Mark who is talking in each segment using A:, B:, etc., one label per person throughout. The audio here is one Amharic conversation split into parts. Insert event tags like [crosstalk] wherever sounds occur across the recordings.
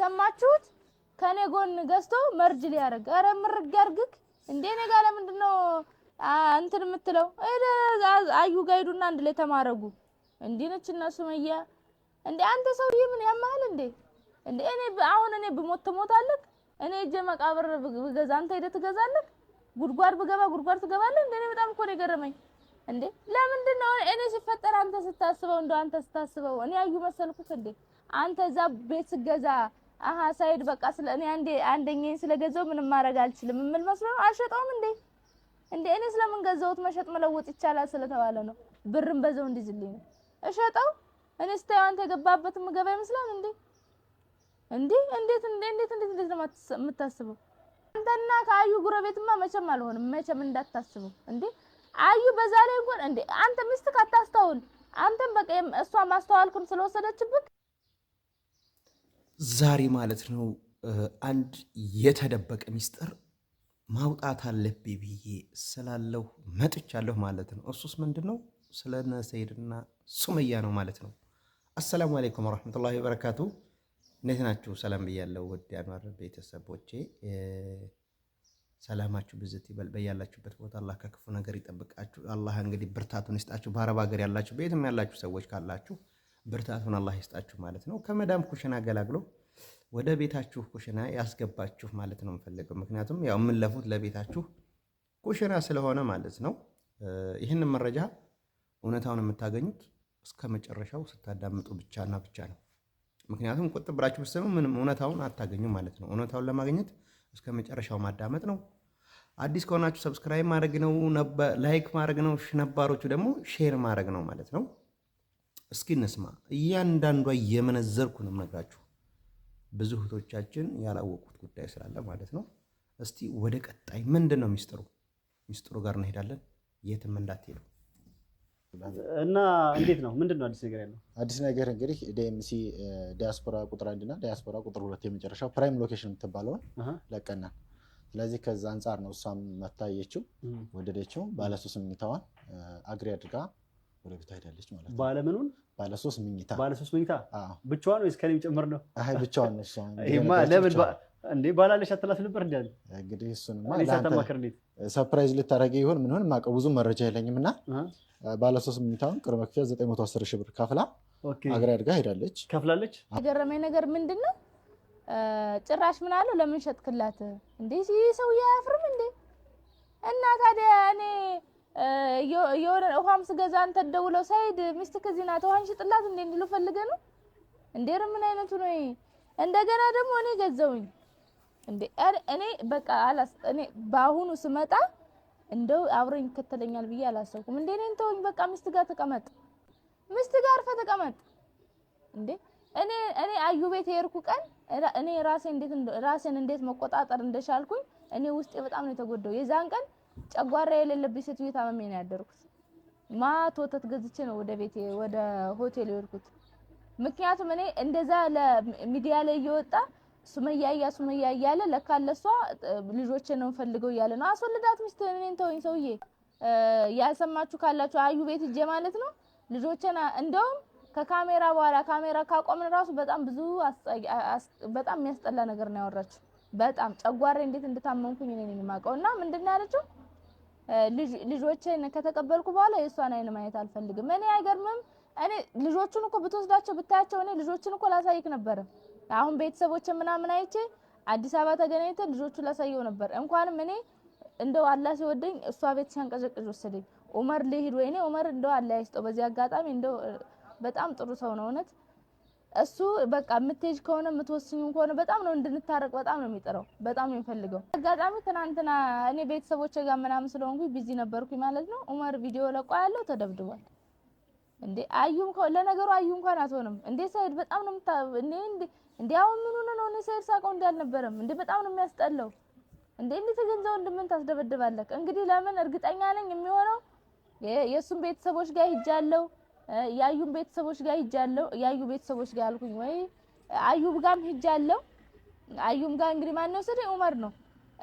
A: ሰማችሁት? ከኔ ጎን ገዝቶ መርጅ ሊያደርግ አረ ምርግ ያርግክ እንዴ ነጋ ለምንድን ነው እንትን የምትለው? አዩ ጋር ሂዱና አንድ ላይ ተማረጉ። እንዲህ ነች እና ሱመያ እንዴ አንተ ሰውዬ ምን ያማል እንዴ? እንዴ እኔ አሁን እኔ ብሞት ትሞታለህ? እኔ እጄ መቃብር ብገዛ አንተ ሄደህ ትገዛለህ? ጉድጓድ ብገባ ጉድጓድ ትገባለህ? እንዴ እኔ በጣም እኮ ነው የገረመኝ። እንዴ ለምንድን ነው እኔ ሲፈጠር አንተ ስታስበው እንደው አንተ ስታስበው እኔ አዩ መሰልኩት እንዴ አንተ እዛ ቤት ስገዛ አሀ ሳይድ በቃ ስለ እኔ አንዴ አንደኛዬን ስለገዛው ምንም ማድረግ አልችልም የምል መስሎ አልሸጠውም እንዴ እንዴ እኔ ስለምን ገዛሁት? መሸጥ መለወጥ ይቻላል ስለተባለ ነው። ብርም በዛው እንዲዝልኝ ነው እሸጠው። እኔ ስታዩ አንተ የገባበት ምገባ ይመስላል እንዴ እንዴ እንዴት እንዴ እንዴት እንዴት እንዴት ነው የምታስበው? አንተና ከአዩ ጉረቤትማ መቼም አልሆንም። መቼም እንዳታስበው እንዴ አዩ በዛ ላይ እንኳን እንዴ አንተ ሚስትህ አታስተውል። አንተም በቃ እሷ ማስተዋልኩን ስለወሰደችብህ
B: ዛሬ ማለት ነው አንድ የተደበቀ ሚስጥር ማውጣት አለብኝ ብዬ ስላለሁ መጥቻለሁ ማለት ነው። እሱስ ምንድን ነው? ስለ ሰይድና ሱመያ ነው ማለት ነው። አሰላሙ አሌይኩም ወረሕመቱላሂ ወበረካቱ። እንዴት ናችሁ? ሰላም ብያለሁ ውድ አኗር ቤተሰቦቼ፣ ሰላማችሁ ብዝት ይበል በያላችሁበት ቦታ። አላህ ከክፉ ነገር ይጠብቃችሁ። አላህ እንግዲህ ብርታቱን ይስጣችሁ። በአረብ ሀገር ያላችሁ፣ ቤትም ያላችሁ ሰዎች ካላችሁ ብርታቱን አላህ ይስጣችሁ ማለት ነው። ከመዳም ኩሽና አገላግሎ ወደ ቤታችሁ ኩሽና ያስገባችሁ ማለት ነው የምፈልገው። ምክንያቱም ያው የምንለፉት ለቤታችሁ ኩሽና ስለሆነ ማለት ነው። ይህንን መረጃ እውነታውን የምታገኙት እስከ መጨረሻው ስታዳምጡ ብቻና ብቻ ነው። ምክንያቱም ቁጥ ብላችሁ ብትሰሙ ምንም እውነታውን አታገኙ ማለት ነው። እውነታውን ለማግኘት እስከ መጨረሻው ማዳመጥ ነው። አዲስ ከሆናችሁ ሰብስክራይብ ማድረግ ነው፣ ላይክ ማድረግ ነው። ነባሮቹ ደግሞ ሼር ማድረግ ነው ማለት ነው። እስኪ እንስማ። እያንዳንዷ እየመነዘርኩ ነው የምነግራችሁ። ብዙ እህቶቻችን ያላወቁት ጉዳይ ስላለ ማለት ነው። እስቲ ወደ ቀጣይ ምንድን ነው ሚስጥሩ? ሚስጥሩ ጋር እንሄዳለን። የትም እንዳትሄዱ
C: እና እንዴት ነው? ምንድን ነው አዲስ ነገር ያለው?
B: አዲስ ነገር እንግዲህ ዲኤምሲ ዲያስፖራ ቁጥር አንድ እና ዲያስፖራ ቁጥር ሁለት የመጨረሻው ፕራይም ሎኬሽን የምትባለውን ለቀናል። ስለዚህ ከዛ አንጻር ነው እሷም መታየችው ወደደችው፣ ባለሱስ ምኝታዋን አግሪ አድርጋ ወደ ቤቷ ሄዳለች ማለት ነው። ባለምኑን ባለሶስት ምኝታ
C: ባለሶስት መኝታ ብቻዋን ወይስ ከኔም ጭምር ነው?
B: አይ ብቻዋን ነች።
C: ለምን እንዴ ባላለሽ አትላት ነበር እንዲያለ እንግዲህ እሱንማ
B: ሰርፕራይዝ ልታደረገ ይሆን ምን ሆን የማውቀው ብዙ መረጃ የለኝም። እና ባለሶስት መኝታውን ቅድመ ክፍያ 910 ሺህ ብር ከፍላ አገር አድጋ ሄዳለች።
C: ከፍላለች።
A: የገረመኝ ነገር ምንድን ነው ጭራሽ ምን አለው ለምን ሸጥክላት እንዴ? ይህ ሰው ያፍርም እንዴ? እና ታዲያ እኔ የሆነ ውሃም ስገዛ አንተ ደውለው ሳይድ ሚስትህ እዚህ ናት ውሃን ሽጥላት እንዴ እንዲሉ ፈልገ ነው እንዴ? ምን አይነቱ ነው? እንደገና ደግሞ እኔ ገዘውኝ እንዴ እኔ በቃ አላስ እኔ በአሁኑ ስመጣ እንደው አብረኝ ይከተለኛል ብዬ አላሰብኩም። እንዴ እኔን ተወኝ፣ በቃ ሚስት ጋር ተቀመጥ፣ ሚስት ጋር አርፈ ተቀመጥ። እንዴ እኔ እኔ አዩ ቤት የሄድኩ ቀን እኔ ራሴን እንዴት ራሴን እንዴት መቆጣጠር እንደሻልኩኝ እኔ ውስጤ በጣም ነው የተጎዳው የዛን ቀን ጨጓራ የሌለብኝ ሴትዮ ታመሜ ነው ያደርኩት። ማት ወተት ገዝቼ ነው ወደ ቤቴ ወደ ሆቴል የሄድኩት። ምክንያቱም እኔ እንደዛ ለሚዲያ ላይ እየወጣ ሱመያ እያ ሱመያ እያለ ለካ ለሷ ልጆችን ነው ፈልገው እያለ ነው አስወልዳት ሚስት እኔን ተወኝ። ሰውዬ ያልሰማችሁ ካላችሁ አዩ ቤት እጄ ማለት ነው ልጆችን እንደውም ከካሜራ በኋላ ካሜራ ካቆምን ራሱ በጣም ብዙ በጣም የሚያስጠላ ነገር ነው ያወራችው። በጣም ጨጓሬ እንዴት እንደታመምኩኝ እኔ የማውቀው እና ምንድን ነው ያለችው ልጆቼን ከተቀበልኩ በኋላ የእሷን አይን ማየት አልፈልግም። እኔ አይገርምም። እኔ ልጆቹን እኮ ብትወስዳቸው ብታያቸው፣ እኔ ልጆቹን እኮ ላሳይክ ነበር። አሁን ቤተሰቦች ምናምን አይቼ አዲስ አበባ ተገናኝተን ልጆቹ ላሳየው ነበር። እንኳንም እኔ እንደው አላ ሲወደኝ እሷ ቤት ሲያንቀዘቅዝ ወሰደኝ። ኡመር ልሂድ ወይኔ ኡመር እንደው አላ ይስጠው። በዚህ አጋጣሚ እንደው በጣም ጥሩ ሰው ነው እውነት እሱ በቃ የምትሄጅ ከሆነ የምትወስኙ ከሆነ በጣም ነው እንድንታረቅ በጣም ነው የሚጥረው፣ በጣም ነው የሚፈልገው። አጋጣሚ ትናንትና እኔ ቤተሰቦች ጋር ምናምን ስለሆንኩ ቢዚ ነበርኩኝ ማለት ነው። ኡመር ቪዲዮ ለቋ ያለው ተደብድቧል። እንዴ አዩ ለነገሩ አዩ እንኳን አትሆንም እንዴ ሰይድ በጣም ነው እንዴ እንዴ አሁን ምን ሆነ ነው? እኔ ሰይድ ሳቀው እንዴ አልነበረም እንዴ በጣም ነው የሚያስጠላው። እንዴ እንዴት ተገንዘው እንደምን ታስደበድባለህ? እንግዲህ ለምን እርግጠኛ ነኝ የሚሆነው የእሱም ቤተሰቦች ጋር ሂጃለሁ ያዩን ቤተሰቦች ጋር ሂጃለሁ። ያዩ ቤተሰቦች ጋር አልኩኝ ወይ አዩብ ጋርም ሂጃለሁ። አዩም ጋር እንግዲህ ማን ነው ስለ ዑመር ነው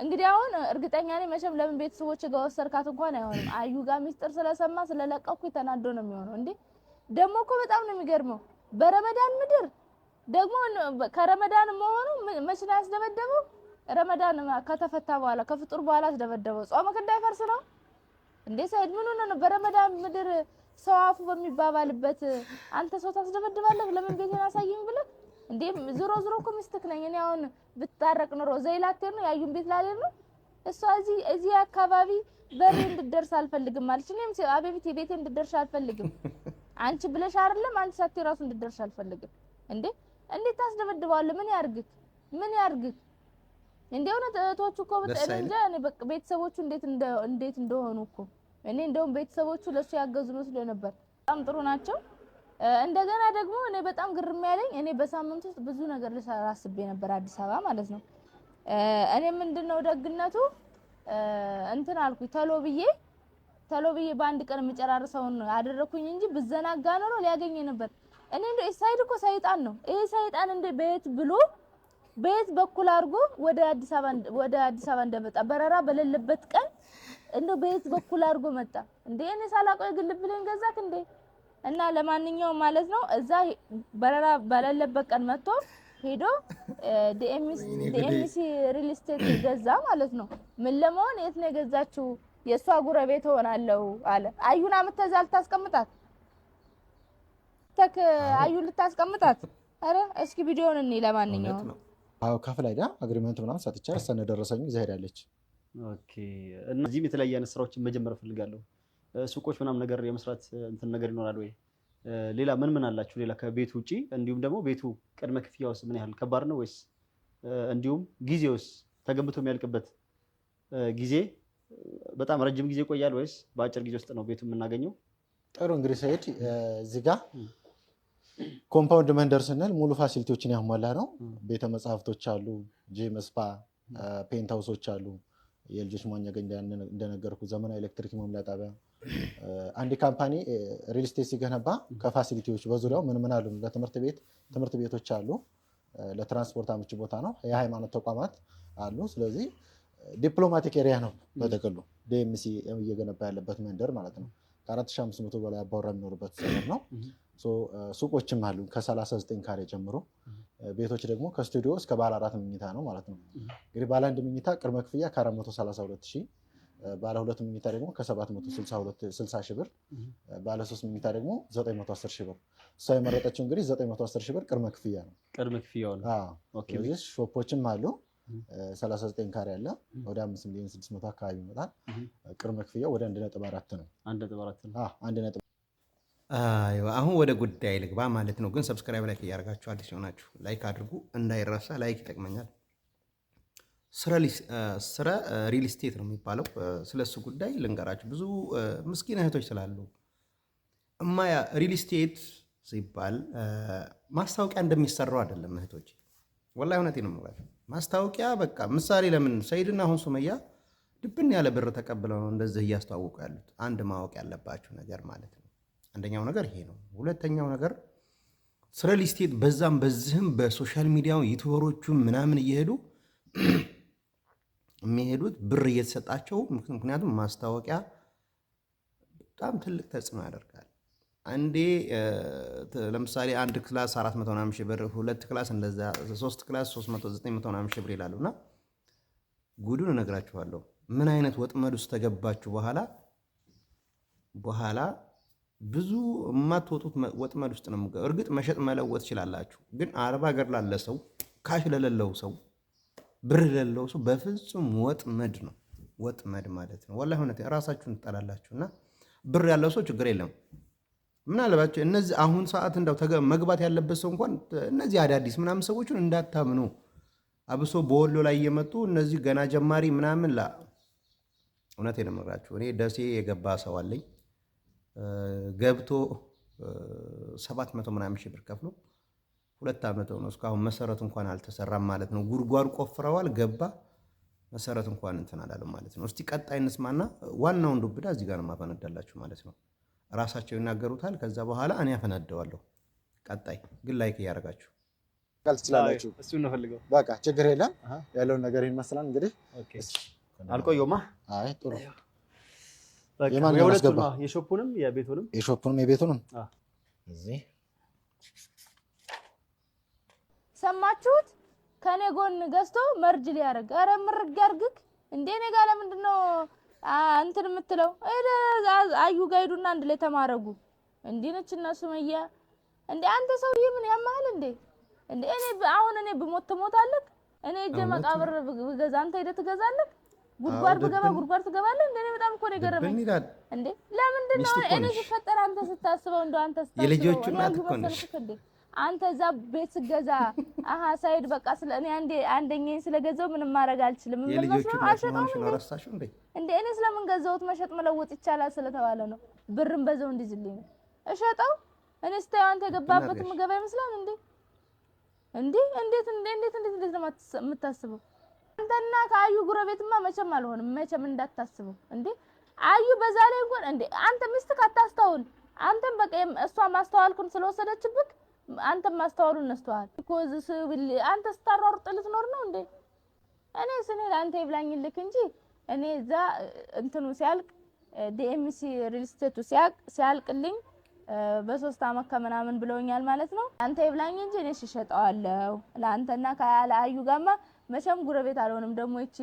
A: እንግዲህ አሁን እርግጠኛ ነኝ መቼም ለምን ቤተሰቦች ጋር ወሰድካት እንኳን አይሆንም። አዩ ጋር ሚስጥር ስለሰማ ስለለቀኩ ተናዶ ነው የሚሆነው። እንዴ ደግሞ እኮ በጣም ነው የሚገርመው። በረመዳን ምድር ደግሞ ከረመዳን መሆኑ መቼ ነው ያስደበደበው? ረመዳን ከተፈታ በኋላ ከፍጡር በኋላ አስደበደበው። ጾም እንዳይፈርስ ነው እንዴ ሰይድ ምን ሆነ ነው በረመዳን ምድር ሰው አፉ በሚባባልበት አንተ ሰው ታስደበድባለህ፣ ለምን ቤቴን አሳይም ብለህ እንዴ? ዞሮ ዞሮ እኮ ሚስትክ ነኝ እኔ። አሁን ብታረቅ ኑሮ ዘይላቴ ነው ያዩን ቤት ላሌል ነው እሷ እዚህ እዚህ አካባቢ በሬ እንድደርስ አልፈልግም አለች። እኔም አቤቢት ቤቴ እንድደርሽ አልፈልግም አንቺ ብለሽ አይደለም አንቺ ሳቴ ራሱ እንድደርሽ አልፈልግም። እንዴ እንዴት ታስደበድባለህ? ምን ያርግክ? ምን ያርግክ? እንዴ እውነት እህቶቹ እኮ እንጃ ቤተሰቦቹ እንዴት እንደሆኑ እኮ እኔ እንደውም ቤተሰቦቹ ለሱ ያገዙ መስሎ ነበር። በጣም ጥሩ ናቸው። እንደገና ደግሞ እኔ በጣም ግርም ያለኝ እኔ በሳምንት ውስጥ ብዙ ነገር ልሰራ አስቤ ነበር፣ አዲስ አበባ ማለት ነው። እኔ ምንድነው ደግነቱ እንትን አልኩኝ ተሎ ብዬ ተሎ ብዬ በአንድ ቀን የምጨራርሰውን አደረኩኝ እንጂ ብዘናጋ ኖሮ ሊያገኘ ነበር። እኔ እንደ ኢሳይድ እኮ ሰይጣን ነው። ይሄ ሰይጣን እንደ በየት ብሎ በየት በኩል አድርጎ ወደ አዲስ አበባ ወደ አዲስ አበባ እንደመጣ በረራ በሌለበት ቀን እንደው በየት በኩል አድርጎ መጣ እንዴ? እኔ ሳላውቀው የግል ብሌን ገዛክ እንዴ? እና ለማንኛውም ማለት ነው እዛ በረራ ባለለበት ቀን መጥቶ ሄዶ ዲኤምሲ ሪል ስቴት ገዛ ማለት ነው። ምን ለመሆን የት ነው የገዛችው? የእሷ ጉረቤት ሆናለሁ አለ። አዩን አምጥተህ እዛ ልታስቀምጣት ተክ አዩን ልታስቀምጣት። አረ እስኪ ቪዲዮን እኔ ለማንኛውም
B: አዎ፣ ካፍ አግሪመንት ምናምን ሰጥቻ እሷ እንደደረሰኝ እዛ
C: ኦኬ። እና እዚህም የተለያየ አይነት ስራዎችን መጀመር እፈልጋለሁ። ሱቆች ምናም ነገር የመስራት እንትን ነገር ይኖራል ወይ? ሌላ ምን ምን አላችሁ? ሌላ ከቤቱ ውጪ እንዲሁም ደግሞ ቤቱ ቅድመ ክፍያውስ ምን ያህል ከባድ ነው ወይስ? እንዲሁም ጊዜውስ ተገንብቶ የሚያልቅበት ጊዜ በጣም ረጅም ጊዜ ይቆያል ወይስ በአጭር ጊዜ ውስጥ ነው ቤቱ የምናገኘው?
B: ጥሩ እንግዲህ ሰይድ እዚህ ጋ ኮምፓውንድ መንደር ስንል ሙሉ ፋሲሊቲዎችን ያሟላ ነው። ቤተ መጽሐፍቶች አሉ፣ ጂም፣ ስፓ፣ ፔንት ሃውሶች አሉ። የልጆች መዋኛ ገኝ እንደነገርኩ ዘመናዊ ኤሌክትሪክ መሙያ ጣቢያ። [clears throat] አንድ ካምፓኒ ሪል ስቴት ሲገነባ ከፋሲሊቲዎች በዙሪያው ምን ምን አሉ? ለትምህርት ቤት ትምህርት ቤቶች አሉ። ለትራንስፖርት አመቺ ቦታ ነው። የሃይማኖት ተቋማት አሉ። ስለዚህ ዲፕሎማቲክ ኤሪያ ነው በጥቅሉ ዲኤምሲ እየገነባ ያለበት መንደር ማለት ነው። ከ4500 በላይ አባወራ የሚኖርበት ሰፈር ነው። ሱቆችም አሉ ከ39 ካሬ ጀምሮ ቤቶች ደግሞ ከስቱዲዮ እስከ ባለ አራት መኝታ ነው ማለት ነው። እንግዲህ ባለ አንድ መኝታ ቅድመ ክፍያ ከ432 ሺህ፣ ባለ ሁለት መኝታ ደግሞ ከ760 ሺህ ብር፣ ባለ ሶስት መኝታ ደግሞ 910 ሺህ ብር። እሷ የመረጠችው እንግዲህ 910 ሺህ ብር ቅድመ ክፍያ ነው። ቅድመ ክፍያው ነው። ሾፖችም አሉ 39 ካሬ አለ። ወደ 5 ሚሊዮን 600 አካባቢ ይመጣል። ቅድመ ክፍያው ወደ 1.4 ነው። 1.4 ነው። አሁን ወደ ጉዳይ ልግባ ማለት ነው። ግን ሰብስክራይብ ላይክ እያደረጋችሁ አዲስ የሆናችሁ ላይክ አድርጉ እንዳይረሳ። ላይክ ይጠቅመኛል። ስረ ሪል ስቴት ነው የሚባለው። ስለሱ ጉዳይ ልንገራችሁ። ብዙ ምስኪን እህቶች ስላሉ እማያ ሪል ስቴት ሲባል ማስታወቂያ እንደሚሰራው አይደለም እህቶች፣ ወላሂ እውነቴን ነው። ማስታወቂያ በቃ ምሳሌ ለምን ሰይድና አሁን ሱመያ ድብን ያለ ብር ተቀብለው ነው እንደዚህ እያስተዋወቁ ያሉት? አንድ ማወቅ ያለባችሁ ነገር ማለት ነው አንደኛው ነገር ይሄ ነው። ሁለተኛው ነገር ስለ ሊስቴት በዛም በዚህም በሶሻል ሚዲያው ዩቱበሮቹም ምናምን እየሄዱ [clears throat] የሚሄዱት ብር እየተሰጣቸው ምክንያቱም ማስታወቂያ በጣም ትልቅ ተጽዕኖ ያደርጋል። አንዴ ለምሳሌ አንድ ክላስ 400 ምናምን ሺህ ብር፣ ሁለት ክላስ እንደዛ፣ ሶስት ክላስ 3900 ምናምን ሺህ ብር ይላሉ እና ጉዱን እነግራችኋለሁ ምን አይነት ወጥመድ ውስጥ ተገባችሁ በኋላ በኋላ ብዙ የማትወጡት ወጥመድ ውስጥ ነው። እርግጥ መሸጥ መለወጥ ትችላላችሁ፣ ግን አረብ ሀገር ላለ ሰው፣ ካሽ ለሌለው ሰው፣ ብር ለሌለው ሰው በፍጹም ወጥመድ ነው። ወጥመድ ማለት ነው። ወላሂ እውነት ራሳችሁን ትጠላላችሁ። እና ብር ያለው ሰው ችግር የለም ምናልባቸው እነዚህ አሁን ሰዓት እንዳው መግባት ያለበት ሰው እንኳን እነዚህ አዳዲስ ምናምን ሰዎችን እንዳታምኑ። አብሶ በወሎ ላይ እየመጡ እነዚህ ገና ጀማሪ ምናምን ላ እውነት የነመራችሁ እኔ ደሴ የገባ ሰው አለኝ ገብቶ ሰባት መቶ ምናምን ሺህ ብር ከፍሎ ሁለት ዓመት ሆኖ እስካሁን መሰረት እንኳን አልተሰራም ማለት ነው። ጉድጓድ ቆፍረዋል፣ ገባ መሰረት እንኳን እንትን አላለም ማለት ነው። እስቲ ቀጣይ እንስማና ዋናውን ዱብዳ እዚህ ጋር ማፈነዳላችሁ ማለት ነው። ራሳቸው ይናገሩታል። ከዛ በኋላ እኔ አፈነደዋለሁ ቀጣይ ግን ላይክ እያደረጋችሁ ትችላላችሁ። በቃ ችግር የለም። ያለውን ነገር ይመስላል እንግዲህ አልቆየውማ። አይ ጥሩ የሾፑንም የቤቱንም እዚህ
A: ሰማችሁት። ከኔ ጎን ገዝቶ መርጅ ሊያደርግ አረ ምርግ ያርግክ እንዴ እኔ ጋር ለምንድን ነው እንትን የምትለው? አዩ ጋር ሂዱና አንድ ላይ ተማረጉ። እንዲህ ነች እና ሱመያ እንዴ አንተ ሰውዬ ምን ያማል እንዴ እንዴ እኔ አሁን እኔ ብሞት ትሞታለህ። እኔ እጄ መቃብር ብገዛ አንተ ሄደህ ትገዛለህ። ጉድጓድ ብገባ ጉድጓድ ትገባለህ። እንደ እኔ በጣም እኮ ነው የገረመኝ። እንደ ለምንድን ነው እኔ ስፈጠር አንተ ስታስበው እንደ አንተ ስታስበው የልጆቹ አንተ እዛ ቤት ስገዛ አሀ ሳይድ በቃ ስለ እኔ አንዴ አንደኛዬን ስለገዛው ምንም ማድረግ አልችልም። አልሸጠውም እንደ እኔ ስለምን ገዛሁት መሸጥ መለወጥ ይቻላል ስለተባለ ነው። ብርም በዛው እንዲዝልኝ ነው እሸጠው። እኔ ስታየው አንተ የገባበት ምገባ ይመስላል እንዴ! እንዴ! እንዴት እንዴት እንዴት ነው የምታስበው? አንተና ከአዩ ጉረቤትማ መቼም አልሆንም። መቼም እንዳታስበው እንዴ አዩ በዛ ላይ እንኳን እንዴ አንተ ሚስትህ ካታስተውል አንተም በቃ እሷ ማስተዋልኩን ስለወሰደችብክ አንተም ማስተዋሉን ነስተዋል እኮ አንተ ስታሯሩጥ ልትኖር ነው እንዴ? እኔ ስኔ ለአንተ ይብላኝልክ እንጂ እኔ እዛ እንትኑ ሲያልቅ ዲኤምሲ ሪል ሲያልቅልኝ በሶስት አመት ከምናምን ብለውኛል ማለት ነው። አንተ ይብላኝ እንጂ እኔ ሽሸጠዋለሁ ለአንተና ከለአዩ ጋማ መቼም ጉረቤት አልሆንም። ደግሞ ይቺ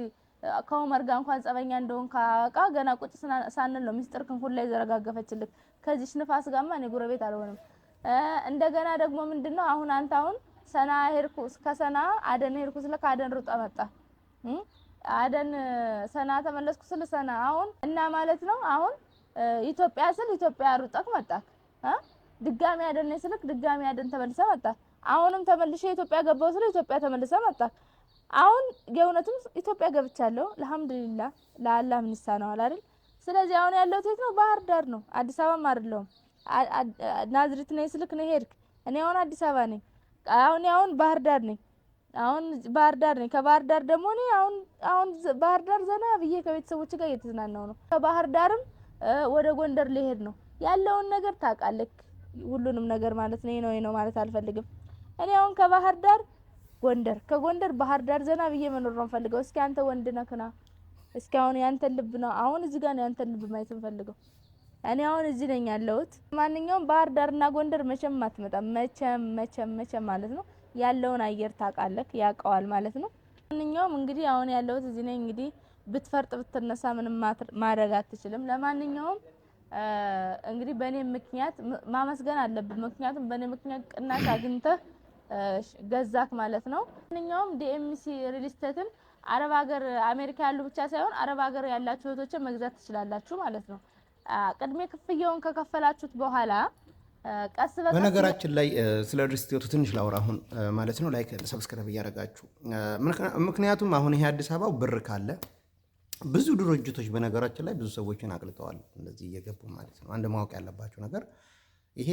A: ከኦመር ጋር እንኳን ጸበኛ እንደሆን ካቃ ገና ቁጭ ሳንል ነው ሚስጥር ክን ላይ የዘረጋገፈችልክ። ከዚች ንፋስ ጋማ እኔ ጉረቤት አልሆንም። እንደገና ደግሞ ምንድነው አሁን አንተ አሁን ሰና ሄድኩ ከሰና አደን ሄድኩ ስለ ከአደን ሩጣ መጣ አደን ሰና ተመለስኩ ስል ሰና አሁን እና ማለት ነው አሁን ኢትዮጵያ ስል ኢትዮጵያ ሩጣክ መጣ ድጋሚ አደን ስልክ ድጋሚ አደን ተመልሰ መጣ አሁንም ተመልሼ ኢትዮጵያ ገባው ስለ ኢትዮጵያ ተመልሰ መጣ። አሁን የእውነቱም ኢትዮጵያ ገብቻለሁ። አልሐምዱሊላ ለአላህ ምንሳ ነው አይደል? ስለዚህ አሁን ያለው የት ነው? ባህር ዳር ነው። አዲስ አበባም አይደለሁም። ናዝሪት ነኝ ስልክ ነው ሄድክ። እኔ አሁን አዲስ አበባ ነኝ። አሁን አሁን ባህር ዳር ነኝ። አሁን ባህር ዳር ነኝ። ከባህር ዳር ደግሞ እኔ አሁን አሁን ባህር ዳር ዘና ብዬ ከቤተሰቦች ጋር እየተዝናናው ነው። ከባህር ዳርም ወደ ጎንደር ሊሄድ ነው። ያለውን ነገር ታውቃለህ፣ ሁሉንም ነገር ማለት ነው ነው ማለት አልፈልግም። እኔ አሁን ከባህር ዳር ጎንደር ከጎንደር ባህር ዳር ዘና ብዬ መኖር ነው ፈልገው። እስኪ አንተ ወንድ ነክና እስኪ አሁን ያንተን ልብ ነው አሁን እዚህ ጋር ነው ያንተን ልብ ማየት እንፈልገው። እኔ አሁን እዚህ ነኝ ያለሁት። ማንኛውም ባህር ዳርና ጎንደር መቼም አትመጣም። መቼም መቼም መቼም ማለት ነው ያለውን አየር ታውቃለህ፣ ያውቀዋል ማለት ነው። ማንኛውም እንግዲህ አሁን ያለሁት እዚህ ነኝ። እንግዲህ ብትፈርጥ ብትነሳ ምንም ማድረግ አትችልም። ለማንኛውም እንግዲህ በእኔ ምክንያት ማመስገን አለብን። ምክንያቱም በእኔ ምክንያት ቅናሽ አግኝተህ ገዛክ ማለት ነው። ማንኛውም ዲኤምሲ ሪልስቴትን አረብ ሀገር፣ አሜሪካ ያሉ ብቻ ሳይሆን አረብ ሀገር ያላችሁ እህቶችን መግዛት ትችላላችሁ ማለት ነው። ቅድሜ ክፍያውን ከከፈላችሁት በኋላ
B: ቀስ በቀስ በነገራችን ላይ ስለ ሪልስቴቱ ትንሽ ላውራ አሁን ማለት ነው። ላይክ ሰብስክራይብ እያደረጋችሁ ምክንያቱም አሁን ይሄ አዲስ አበባው ብር ካለ ብዙ ድርጅቶች በነገራችን ላይ ብዙ ሰዎችን አቅልጠዋል፣ እንደዚህ እየገቡ ማለት ነው። አንድ ማወቅ ያለባቸው ነገር ይሄ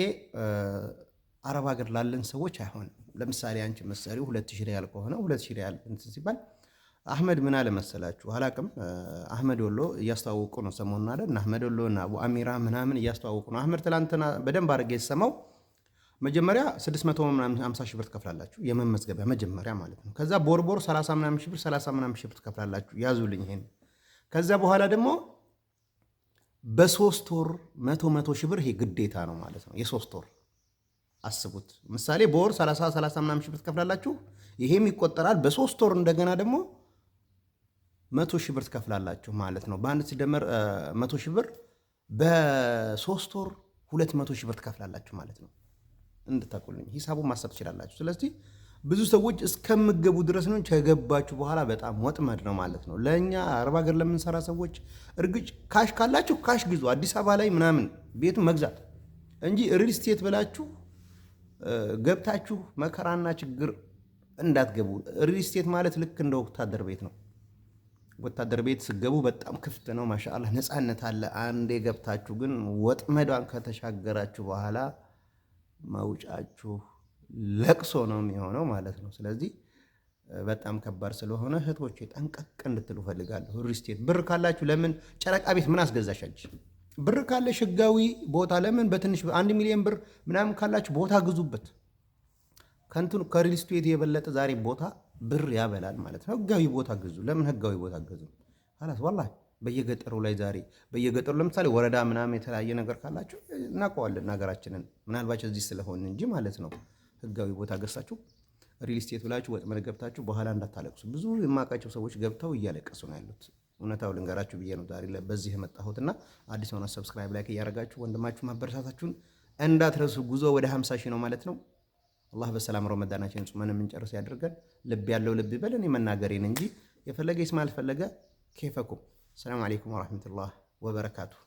B: አረብ ሀገር ላለን ሰዎች አይሆንም። ለምሳሌ አንቺ መሰሪው ሁለት ሺ ሪያል ከሆነ ሁለት ሺ ሪያል እንትን ሲባል አህመድ ምን አለ መሰላችሁ፣ አላቅም አህመድ ወሎ እያስተዋወቁ ነው ሰሞኑን አለ እና አህመድ ወሎ እና አቡ አሚራ ምናምን እያስተዋወቁ ነው። አህመድ ትላንትና በደንብ አድርጌ የሰማው መጀመሪያ 600 ምናምን ሺህ ብር ትከፍላላችሁ፣ መዝገቢያ መጀመሪያ ማለት ነው። ከዛ ቦርቦር 30 ምናምን ሺህ ብር 30 ምናምን ሺህ ብር ትከፍላላችሁ። ያዙልኝ ይሄን። ከዛ በኋላ ደግሞ በሶስት ወር መቶ መቶ ሺህ ብር ይሄ ግዴታ ነው ማለት ነው የሶስት ወር አስቡት። ምሳሌ በወር 30 30 ምናምን ሺህ ብር ትከፍላላችሁ። ይሄም ይቆጠራል። በሶስት ወር እንደገና ደግሞ መቶ ሺህ ብር ትከፍላላችሁ ማለት ነው። በአንድ ሲደመር መቶ ሺህ ብር በሶስት ወር ሁለት መቶ ሺህ ብር ትከፍላላችሁ ማለት ነው። እንድታቁልኝ ሂሳቡን ማሰብ ትችላላችሁ። ስለዚህ ብዙ ሰዎች እስከምገቡ ድረስ ነው። ከገባችሁ በኋላ በጣም ወጥመድ ነው ማለት ነው። ለእኛ አረብ ሀገር ለምንሰራ ሰዎች እርግጭ ካሽ ካላችሁ ካሽ ግዙ። አዲስ አበባ ላይ ምናምን ቤቱ መግዛት እንጂ ሪል ስቴት ብላችሁ ገብታችሁ መከራና ችግር እንዳትገቡ። ሪልስቴት ማለት ልክ እንደ ወታደር ቤት ነው። ወታደር ቤት ስገቡ በጣም ክፍት ነው፣ ማሻአላ ነፃነት አለ። አንዴ ገብታችሁ ግን ወጥመዷን ከተሻገራችሁ በኋላ መውጫችሁ ለቅሶ ነው የሚሆነው ማለት ነው። ስለዚህ በጣም ከባድ ስለሆነ እህቶቼ ጠንቀቅ እንድትሉ ፈልጋለሁ። ሪል ብር ካላችሁ ለምን ጨረቃ ቤት ምን አስገዛሻች? ብር ካለሽ ህጋዊ ቦታ ለምን በትንሽ አንድ ሚሊዮን ብር ምናምን ካላችሁ ቦታ ግዙበት። ከንትኑ ከሪል ስቴት የበለጠ ዛሬ ቦታ ብር ያበላል ማለት ነው። ህጋዊ ቦታ ግዙ። ለምን ህጋዊ ቦታ ግዙ? አላስ ወላሂ በየገጠሩ ላይ ዛሬ በየገጠሩ ለምሳሌ ወረዳ ምናምን የተለያየ ነገር ካላችሁ እናውቀዋለን ሀገራችንን፣ ምናልባት እዚህ ስለሆን እንጂ ማለት ነው። ህጋዊ ቦታ ገሳችሁ ሪል ስቴት ብላችሁ ወጥመድ ገብታችሁ በኋላ እንዳታለቅሱ። ብዙ የማውቃቸው ሰዎች ገብተው እያለቀሱ ነው ያሉት። እውነታው ልንገራችሁ ብዬ ነው ዛሬ በዚህ የመጣሁት እና አዲስ ሆነ ሰብስክራይብ ላይክ እያደረጋችሁ ወንድማችሁ ማበረታታችሁን እንዳትረሱ። ጉዞ ወደ 50 ሺህ ነው ማለት ነው። አላህ በሰላም ረመዳናችን ጾመን የምንጨርስ ያድርገን። ልብ ያለው ልብ ይበል። እኔ መናገሬን እንጂ የፈለገ ይስማ አልፈለገ ኬፈኩም። ሰላም አለይኩም ወራህመቱላህ ወበረካቱ